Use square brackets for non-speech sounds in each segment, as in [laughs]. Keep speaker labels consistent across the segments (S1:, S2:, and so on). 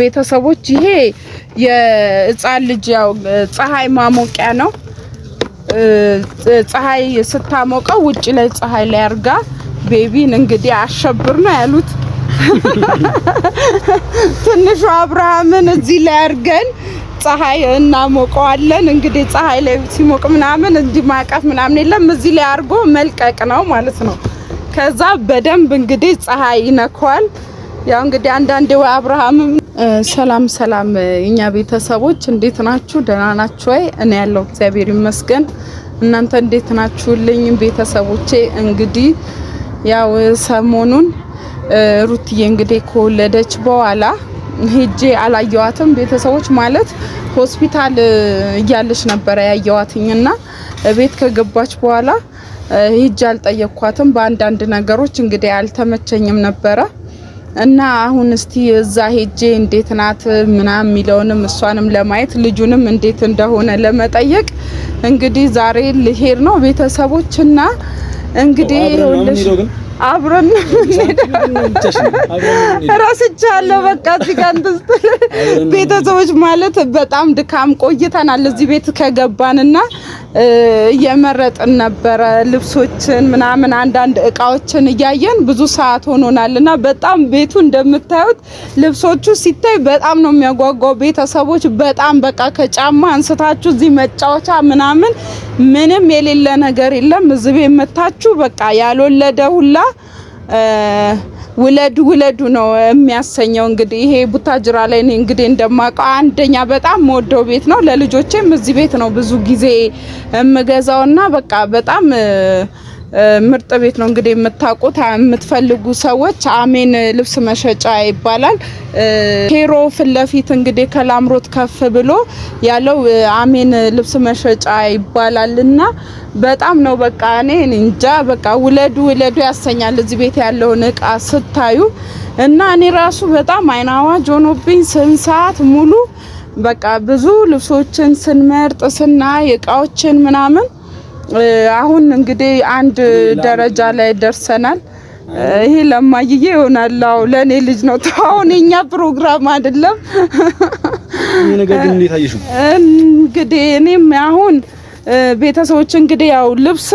S1: ቤተሰቦች ይሄ የህፃን ልጅ ያው ፀሐይ ማሞቂያ ነው። ፀሐይ ስታሞቀው ውጭ ላይ ፀሐይ ላይ አርጋ ቤቢን እንግዲህ አሸብር ነው ያሉት። [laughs] ትንሹ አብርሃምን እዚህ ላይ አርገን ፀሐይ እናሞቀዋለን። እንግዲህ ፀሐይ ላይ ሲሞቅ ምናምን እንዲህ ማቀፍ ምናምን የለም እዚህ ላይ አርጎ መልቀቅ ነው ማለት ነው። ከዛ በደንብ እንግዲህ ፀሐይ ይነከዋል። ያው እንግዲህ አንዳንዴ ወይ አብርሃምም ሰላም ሰላም፣ እኛ ቤተሰቦች እንዴት ናችሁ? ደህና ናችሁ ወይ? እኔ ያለው እግዚአብሔር ይመስገን። እናንተ እንዴት ናችሁልኝ ቤተሰቦቼ? እንግዲህ ያው ሰሞኑን ሩትዬ እንግዲህ ከወለደች በኋላ ሄጄ አላየዋትም። ቤተሰቦች ማለት ሆስፒታል እያለች ነበረ ያየዋትኝና ቤት ከገባች በኋላ ሄጄ አልጠየኳትም። በአንዳንድ ነገሮች እንግዲህ አልተመቸኝም ነበረ እና አሁን እስቲ እዛ ሄጄ እንዴት ናት ምናምን የሚለውንም እሷንም ለማየት ልጁንም እንዴት እንደሆነ ለመጠየቅ እንግዲህ ዛሬ ልሄድ ነው ቤተሰቦችና እንግዲህ አብረን ረስቻለሁ። በቃ እዚህ ጋር ቤተሰቦች ማለት በጣም ድካም ቆይተናል። እዚህ ቤት ከገባንና እየመረጥን ነበረ ልብሶችን ምናምን አንዳንድ እቃዎችን እያየን ብዙ ሰዓት ሆኖናልና በጣም ቤቱ እንደምታዩት ልብሶቹ ሲታይ በጣም ነው የሚያጓጓው። ቤተሰቦች በጣም በቃ ከጫማ አንስታችሁ እዚህ መጫወቻ ምናምን ምንም የሌለ ነገር የለም። እዚህ ቤት መታችሁ በቃ ያልወለደ ሁላ ውለዱ ውለዱ ነው የሚያሰኘው። እንግዲህ ይሄ ቡታጅራ ላይ እኔ እንግዲህ እንደማውቀው አንደኛ በጣም ወደው ቤት ነው። ለልጆቼም እዚህ ቤት ነው ብዙ ጊዜ የምገዛውና በቃ በጣም ምርጥ ቤት ነው። እንግዲህ የምታውቁት የምትፈልጉ ሰዎች አሜን ልብስ መሸጫ ይባላል። ሄሮ ፊት ለፊት እንግዲህ ከላምሮት ከፍ ብሎ ያለው አሜን ልብስ መሸጫ ይባላል እና በጣም ነው በቃ እኔ እንጃ በቃ ውለዱ ውለዱ ያሰኛል እዚህ ቤት ያለውን እቃ ስታዩ እና እኔ ራሱ በጣም አይን አዋጅ ሆኖብኝ ስንት ሰዓት ሙሉ በቃ ብዙ ልብሶችን ስንመርጥ ስናይ እቃዎችን ምናምን አሁን እንግዲህ አንድ ደረጃ ላይ ደርሰናል። ይሄ ለማይዬ ይሆናል። አዎ ለእኔ ልጅ ነው። አሁን የኛ ፕሮግራም አይደለም። እንግዲህ እኔም አሁን ቤተሰቦች እንግዲህ ያው ልብስ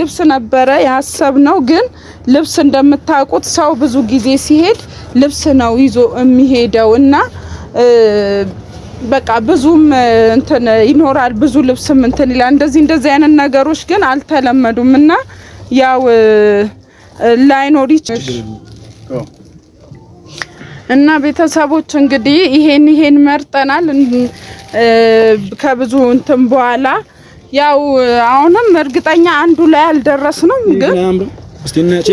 S1: ልብስ ነበረ ያሰብ ነው። ግን ልብስ እንደምታውቁት ሰው ብዙ ጊዜ ሲሄድ ልብስ ነው ይዞ የሚሄደው እና በቃ ብዙም እንትን ይኖራል። ብዙ ልብስም እንትን ይላል። እንደዚህ እንደዚህ አይነት ነገሮች ግን አልተለመዱም እና ያው ላይኖር ይችላል እና ቤተሰቦች እንግዲህ ይሄን ይሄን መርጠናል። ከብዙ እንትን በኋላ ያው አሁንም እርግጠኛ አንዱ ላይ አልደረስንም ግን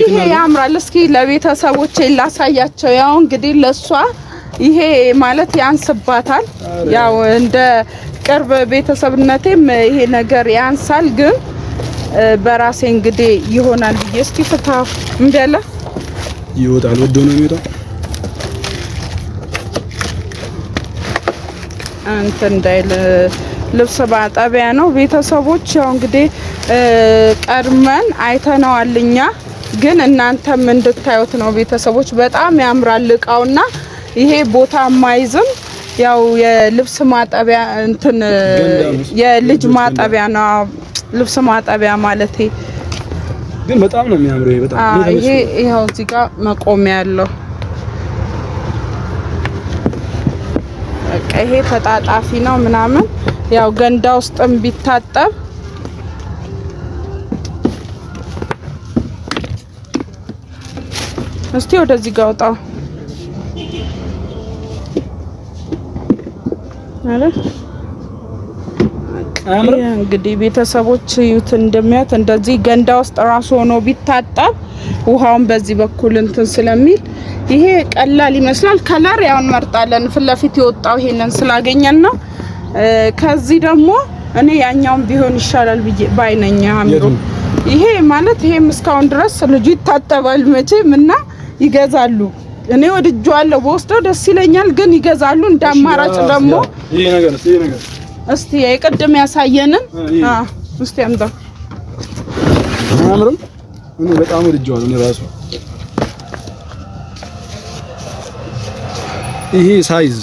S1: ይሄ ያምራል። እስኪ ለቤተሰቦች ላሳያቸው። ያው እንግዲህ ለእሷ ይሄ ማለት ያንስባታል። ያው እንደ ቅርብ ቤተሰብነቴም ይሄ ነገር ያንሳል፣ ግን በራሴ እንግዲህ ይሆናል ብዬ እስኪ ፍታ እምቢ
S2: ይወጣል። ወዶ ነው የሚወጣው።
S1: አንተ እንዳይል ልብስ ማጠቢያ ነው። ቤተሰቦች ያው እንግዲህ ቀድመን አይተነዋል እኛ ግን እናንተም እንድታዩት ነው ቤተሰቦች። በጣም ያምራል እቃውና ይሄ ቦታ ማይዝም ያው የልብስ ማጠቢያ እንትን የልጅ ማጠቢያ ነው። ልብስ ማጠቢያ ማለት
S2: ግን በጣም ነው የሚያምረው። ይሄ
S1: በጣም ይሄ ይሄው እዚህ ጋር መቆሚያ ያለው በቃ ይሄ ተጣጣፊ ነው ምናምን ያው ገንዳ ውስጥም ቢታጠብ እስቲ ወደዚህ ጋር ወጣው እንግዲህ ቤተሰቦች ዩት እንደሚያት እንደዚህ ገንዳ ውስጥ ራሱ ሆኖ ቢታጠብ ውሃውን በዚህ በኩል እንትን ስለሚል ይሄ ቀላል ይመስላል። ከለር ያውን መርጣለን ፊት ለፊት የወጣው ይሄንን ስላገኘን ነው። ከዚህ ደግሞ እኔ ያኛውን ቢሆን ይሻላል ብዬ ባይነኛ አሚሩ ይሄ ማለት ይሄም እስካሁን ድረስ ልጁ ይታጠባል መቼም እና ይገዛሉ እኔ ወድጄዋለሁ፣ በወስደው ደስ ይለኛል። ግን ይገዛሉ። እንዳማራጭ ደግሞ እስቲ የቅድም ያሳየንን እስቲ አያምርም? እኔ በጣም ወድጄዋለሁ። እኔ ራሱ
S2: ይሄ ሳይዝ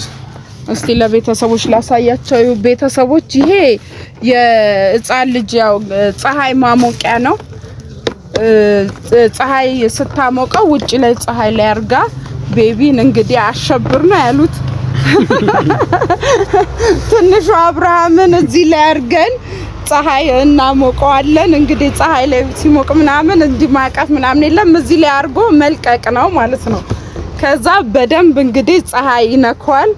S1: እስቲ ለቤተሰቦች ላሳያቸው። ቤተሰቦች ይሄ የህፃን ልጅ ያው ፀሐይ ማሞቂያ ነው። ፀሐይ ስታሞቀው ውጭ ላይ ፀሐይ ላይ አርጋ ቤቢን እንግዲህ አሸብር ነው ያሉት። ትንሹ አብርሃምን እዚህ ላይ አድርገን ፀሐይ እናሞቀዋለን። እንግዲህ ፀሐይ ላይ ሲሞቅ ምናምን እንዲህ ማቀፍ ምናምን የለም እዚህ ላይ አድርጎ መልቀቅ ነው ማለት ነው። ከዛ በደንብ እንግዲህ ፀሐይ ይነከዋል።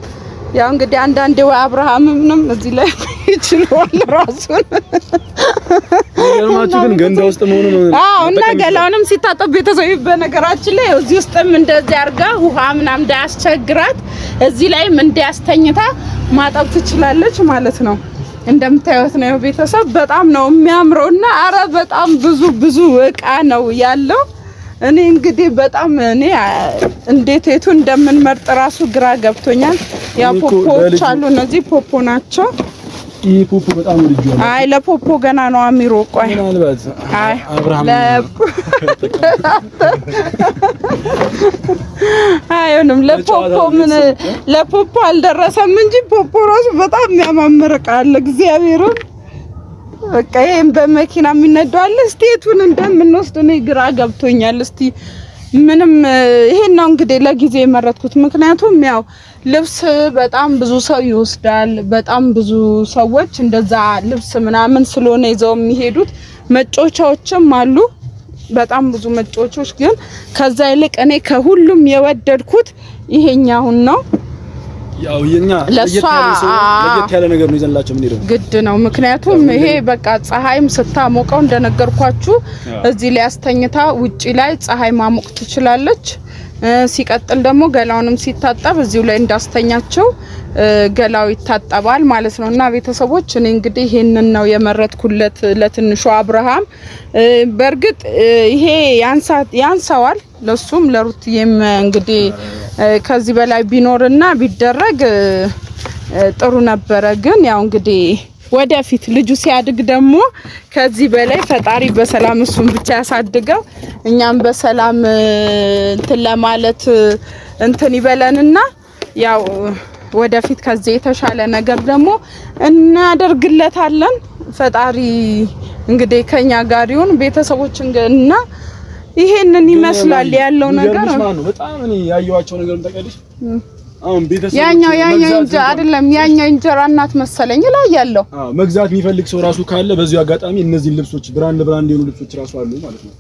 S1: ያው እንግዲህ አንዳንዴ ወይ አብርሃምም እዚህ ላይ ይችላል ራሱን
S2: ለማቹ ግን ገንዳ ውስጥ መሆኑ
S1: ነው። እና ገላውንም ሲታጠብ ቤተሰብ በነገራችን ላይ እዚህ ውስጥም እንደዚህ አድርጋ ውሃ ምናምን እንዳያስቸግራት እዚህ ላይም እንዲያስተኝታ ማጠብ ትችላለች ማለት ነው። እንደምታዩት ነው ቤተሰብ በጣም ነው የሚያምረውና አረ በጣም ብዙ ብዙ እቃ ነው ያለው። እኔ እንግዲህ በጣም እኔ እንዴት የቱ እንደምንመርጥ ራሱ ግራ ገብቶኛል። ያ ፖፖዎች አሉ፣ እነዚህ ፖፖ ናቸው።
S2: ይህ ፖፖ በጣም ልጅ ነው።
S1: አይ ለፖፖ ገና ነው አሚሮ። ቆይ [laughs] አይ አይሆንም። ለፖፖ ምን ለፖፖ አልደረሰም እንጂ ፖፖ ራሱ በጣም የሚያማምር ቃል እግዚአብሔርን በቃ ይሄን በመኪና የሚነዳው አለ። እስቲ የቱን እንደምንወስድ እኔ ግራ ገብቶኛል። እስቲ ምንም ይሄን ነው እንግዲህ ለጊዜ የመረጥኩት። ምክንያቱም ያው ልብስ በጣም ብዙ ሰው ይወስዳል። በጣም ብዙ ሰዎች እንደዛ ልብስ ምናምን ስለሆነ ይዘው የሚሄዱት መጮቻዎችም አሉ። በጣም ብዙ መጫወቻዎች ግን ከዛ ይልቅ እኔ ከሁሉም የወደድኩት ይሄኛውን ነው። ያው የኛ ለየት ያለ ነገር ነው ይዘንላቸው ምን ይደረግ ግድ ነው። ምክንያቱም ይሄ በቃ ፀሐይም ስታሞቀው እንደነገርኳችሁ እዚህ ላይ አስተኝታ ውጪ ላይ ፀሐይ ማሞቅ ትችላለች። ሲቀጥል ደግሞ ገላውንም ሲታጠብ እዚሁ ላይ እንዳስተኛቸው ገላው ይታጠባል ማለት ነው። እና ቤተሰቦች እኔ እንግዲህ ይሄንን ነው የመረጥኩለት ለትንሹ አብርሃም። በእርግጥ ይሄ ያንሳዋል ለሱም የም እንግዲህ ከዚህ በላይ ቢኖርና ቢደረግ ጥሩ ነበረ። ግን ያው እንግዲህ ወደፊት ልጁ ሲያድግ ደግሞ ከዚህ በላይ ፈጣሪ በሰላም እሱን ብቻ ያሳድገው፣ እኛም በሰላም እንትን ለማለት እንትን ይበለንና ያው ወደፊት ከዚህ የተሻለ ነገር ደግሞ እናደርግለታለን። ፈጣሪ እንግዲህ ከኛ ጋር ይሁን ቤተሰቦችን እና ይሄንን ይመስላል ያለው ነገር። ነው። በጣም እኔ ያየኋቸው ነገር ተቀደሽ አሁን ቤተሰብ ያኛው ያኛው እንጂ አይደለም ያኛው እንጀራ እናት መሰለኝ ላይ ያለው
S2: አዎ፣ መግዛት የሚፈልግ ሰው ራሱ ካለ በዚሁ አጋጣሚ እነዚህን ልብሶች ብራንድ ብራንድ የሆኑ ልብሶች ራሱ አሉ ማለት ነው።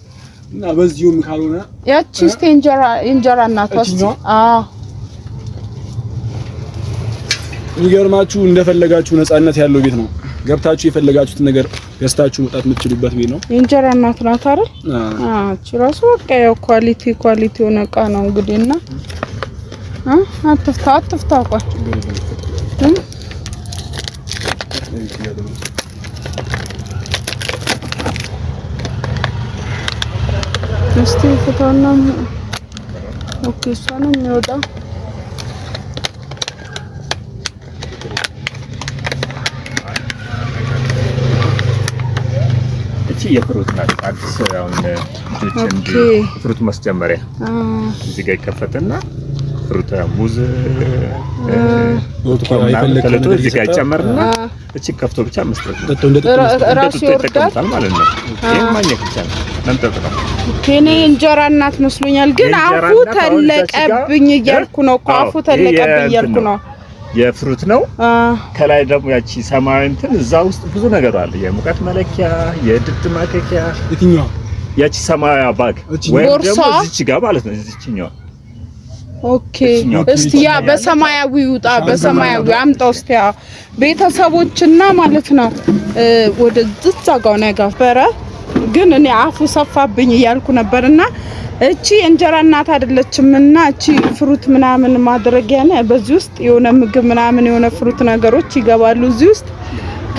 S2: እና በዚሁም ካልሆነ
S1: ያቺ እስቲ እንጀራ እንጀራ እናት ወስድ። አዎ
S2: የሚገርማችሁ እንደፈለጋችሁ ነፃነት ያለው ቤት ነው። ገብታችሁ የፈለጋችሁትን ነገር ገዝታችሁ መውጣት የምትችሉበት ቤት ነው።
S1: የእንጀራ እናት ናት አይደል? እቺ ራሱ በቃ ያው ኳሊቲ ኳሊቲ የሆነ እቃ ነው እንግዲህ እና አትፍታ አትፍታ ቆይ እስቲ ፍታውና ኦኬ እሷ ነው የሚወጣው
S2: የፍሩት ናት። አዲስ አሁን ልጅ ፍሩት ማስጀመሪያ እዚህ ጋር ይከፈትና ፍሩት ሙዝ ተለቶ እዚህ ጋር ይጨመርና እቺ ከፍቶ ብቻ መስጠት
S1: ነው። ራሱ ይወርዳል ማለት ነው። ይሄን ማግኘት ብቻ ነው መምጠጥ ነው። እኔ እንጀራ እናት መስሎኛል፣ ግን አፉ ተለቀብኝ እያልኩ ነው። አፉ ተለቀብኝ እያልኩ ነው
S2: የፍሩት ነው። ከላይ ደግሞ ያቺ ሰማያዊ እንትን እዛ ውስጥ ብዙ ነገር አለ። የሙቀት መለኪያ፣ የድድ ማከኪያ፣ የትኛዋ ያቺ ሰማያዊ ባግ ወይም ደግሞ እዚች ጋር ማለት ነው። እዚችኛዋ
S1: ኦኬ። እስቲ ያ በሰማያዊ ውጣ፣ በሰማያዊ አምጣው እስቲ ያ ቤተሰቦችና ማለት ነው ወደ ዝዛጋው ነገር በረ ግን እኔ አፉ ሰፋብኝ እያልኩ ነበርና እቺ እንጀራ እናት እና እቺ ፍሩት ምናምን ማድረጊያ ነው። በዚህ ውስጥ የሆነ ምግብ ምናምን የሆነ ፍሩት ነገሮች ይገባሉ እዚህ ውስጥ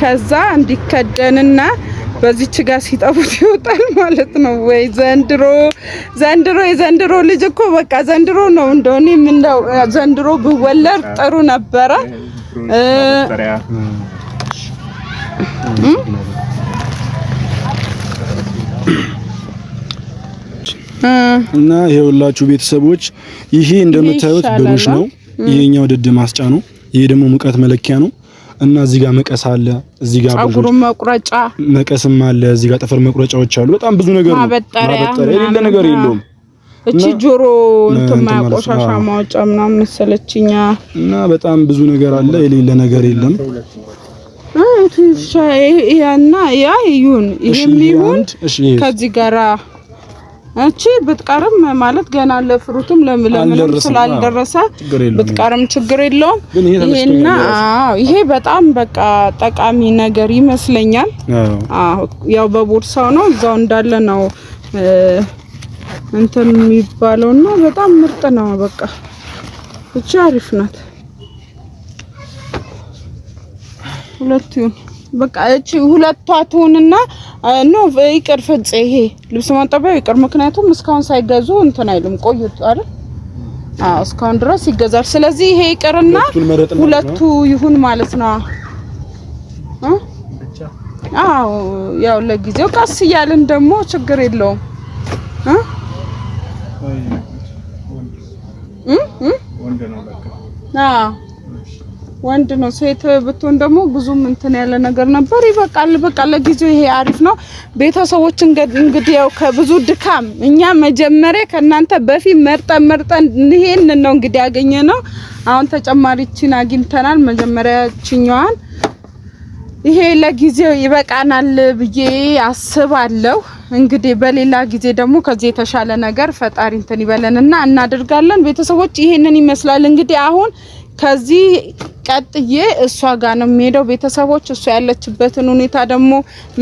S1: ከዛ እንዲከደንና በዚች ጋር ሲጠቡት ይወጣል ማለት ነው። ወይ ዘንድሮ ዘንድሮ የዘንድሮ ልጅ እኮ በቃ ዘንድሮ ነው እንደሆነ የምንለው ዘንድሮ ብወለድ ጥሩ ነበረ።
S2: እና ይሄውላችሁ ቤተሰቦች፣ ይሄ እንደምታዩት ብሩሽ ነው። ይሄኛው ድድ ማስጫ ነው። ይሄ ደግሞ ሙቀት መለኪያ ነው። እና እዚህ ጋር መቀስ አለ፣ እዚህ ጋር
S1: ጸጉር መቁረጫ
S2: መቀስም አለ፣ እዚህ ጋር ጥፍር መቁረጫዎች አሉ። በጣም ብዙ ነገር ነው። ማበጠሪያ የሌለ ነገር የለውም።
S1: እቺ ጆሮ እንትን ማቆሻሻ ማውጫ ምናምን መሰለችኛ።
S2: እና በጣም ብዙ ነገር አለ፣ የሌለ ነገር የለም።
S1: ያ ይሁን ይሄም ይሁን ከዚህ ጋራ እቺ ብትቀርም ማለት ገና ለፍሩቱም ለምለም ስላልደረሰ ብትቀርም ችግር የለውም። ይሄና አዎ፣ ይሄ በጣም በቃ ጠቃሚ ነገር ይመስለኛል። አዎ፣ ያው በቦርሳው ነው እዛው እንዳለ ነው እንትን የሚባለውና በጣም ምርጥ ነው። በቃ እቺ አሪፍ ናት። ሁለቱ በቃ እቺ ሁለቷ ትሁንና ኖ ይቅር ፍጽ፣ ይሄ ልብስ ማጠቢያው ይቅር። ምክንያቱም እስካሁን ሳይገዙ እንትን አይሉም ቆዩት አይደል? አዎ እስካሁን ድረስ ይገዛል። ስለዚህ ይሄ ይቅርና ሁለቱ ይሁን ማለት ነው። አዎ ያው ለጊዜው ቀስ እያልን ደግሞ ችግር የለውም እ ወንድ ነው። ሴት ብትሆን ደግሞ ብዙም እንትን ያለ ነገር ነበር። ይበቃል፣ በቃ ለጊዜው ይሄ አሪፍ ነው። ቤተሰቦች እንግዲህ ያው ከብዙ ድካም እኛ መጀመሪያ ከእናንተ በፊት መርጠን መርጠን ይሄን ነው እንግዲህ ያገኘ ነው። አሁን ተጨማሪችን አግኝተናል። መጀመሪያ ችኛዋን ይሄ ለጊዜው ይበቃናል ብዬ አስባለሁ። እንግዲህ በሌላ ጊዜ ደግሞ ከዚህ የተሻለ ነገር ፈጣሪ እንትን ይበለንና እናደርጋለን። ቤተሰቦች ይሄንን ይመስላል እንግዲህ አሁን ከዚህ ቀጥዬ እሷ ጋር ነው የሚሄደው። ቤተሰቦች እሷ ያለችበትን ሁኔታ ደግሞ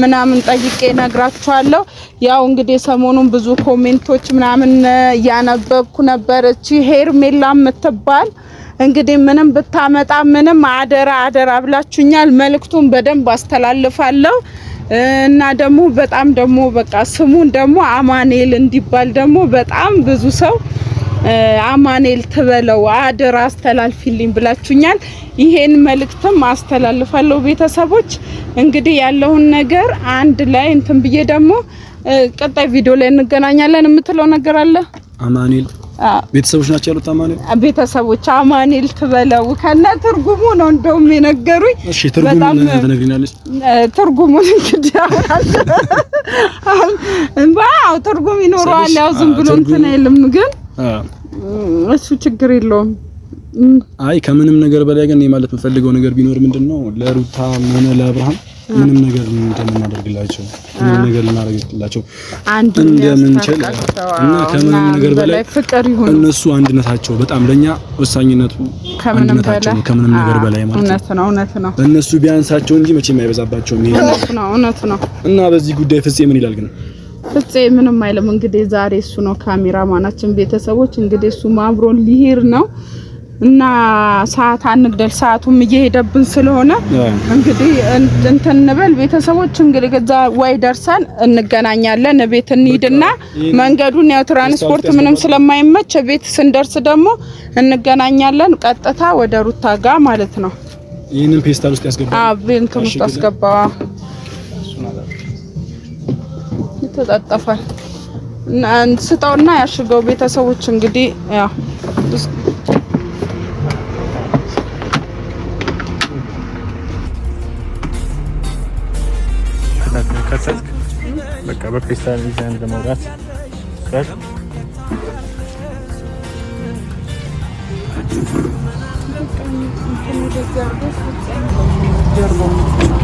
S1: ምናምን ጠይቄ ነግራችኋለሁ። ያው እንግዲህ ሰሞኑን ብዙ ኮሜንቶች ምናምን እያነበብኩ ነበር እቺ ሄርሜላ የምትባል እንግዲህ ምንም ብታመጣ ምንም አደራ አደራ ብላችሁኛል። መልእክቱን በደንብ አስተላልፋለሁ እና ደግሞ በጣም ደግሞ በቃ ስሙን ደግሞ አማኔል እንዲባል ደግሞ በጣም ብዙ ሰው አማኔል ትበለው አደራ አስተላልፊልኝ ብላችሁኛል። ይሄን መልእክትም አስተላልፋለሁ። ቤተሰቦች እንግዲህ ያለውን ነገር አንድ ላይ እንትን ብዬ ደግሞ ቀጣይ ቪዲዮ ላይ እንገናኛለን። የምትለው ነገር አለ
S2: አማኑኤል? ቤተሰቦች ናቸው ያሉት አማኑኤል
S1: ቤተሰቦች አማኔል ትበለው ከነ ትርጉሙ ነው እንደውም የነገሩኝ።
S2: እሺ ትርጉሙን
S1: ትነግሪናለች? ትርጉሙን እንግዲህ አሁን ትርጉም ይኖረዋል። ያው ዝም ብሎ እንትን አይልም ግን እሱ ችግር የለውም።
S2: አይ ከምንም ነገር በላይ ግን ማለት የምፈልገው ነገር ቢኖር ምንድነው? ለሩታ ለሩታም ሆነ ለአብርሃም ምንም ነገር እንደምናደርግላቸው ምንም ነገር ልናደርግላቸው
S1: እንደምንችል
S2: እና ከምንም ነገር በላይ ፍቅር ይሁን። እነሱ አንድነታቸው በጣም ለኛ ወሳኝነቱ
S1: አንድነታቸው ነው፣
S2: ከምንም ነገር በላይ
S1: ማለት ነው። እውነት ነው።
S2: እነሱ ቢያንሳቸው እንጂ መቼም አይበዛባቸውም። ይሄ
S1: እውነት ነው፣ እውነት ነው።
S2: እና በዚህ ጉዳይ ፍፄ ምን ይላል ግን?
S1: ፍፄ ምንም አይልም። እንግዲህ ዛሬ እሱ ነው ካሜራ ማናችን ቤተሰቦች እንግዲህ እሱ አብሮን ሊሄድ ነው እና ሰዓት አንግደል፣ ሰዓቱም እየሄደብን ስለሆነ እንግዲህ እንትን እንበል ቤተሰቦች። እንግዲህ እዛ ወይ ደርሰን እንገናኛለን። ቤት እንሂድና መንገዱን ያው ትራንስፖርት ምንም ስለማይመች ቤት ስንደርስ ደግሞ እንገናኛለን። ቀጥታ ወደ ሩታ ጋ ማለት ነው።
S2: ይሄንን ፔስታል ውስጥ ያስገባው
S1: አብሬን ውስጥ አስገባው ተጠጠፈ። ስጠውና ያሽገው። ቤተሰቦች እንግዲህ ያው ከሰል በቃ በፌስታል ይዘን ለመውጣት ጀርባ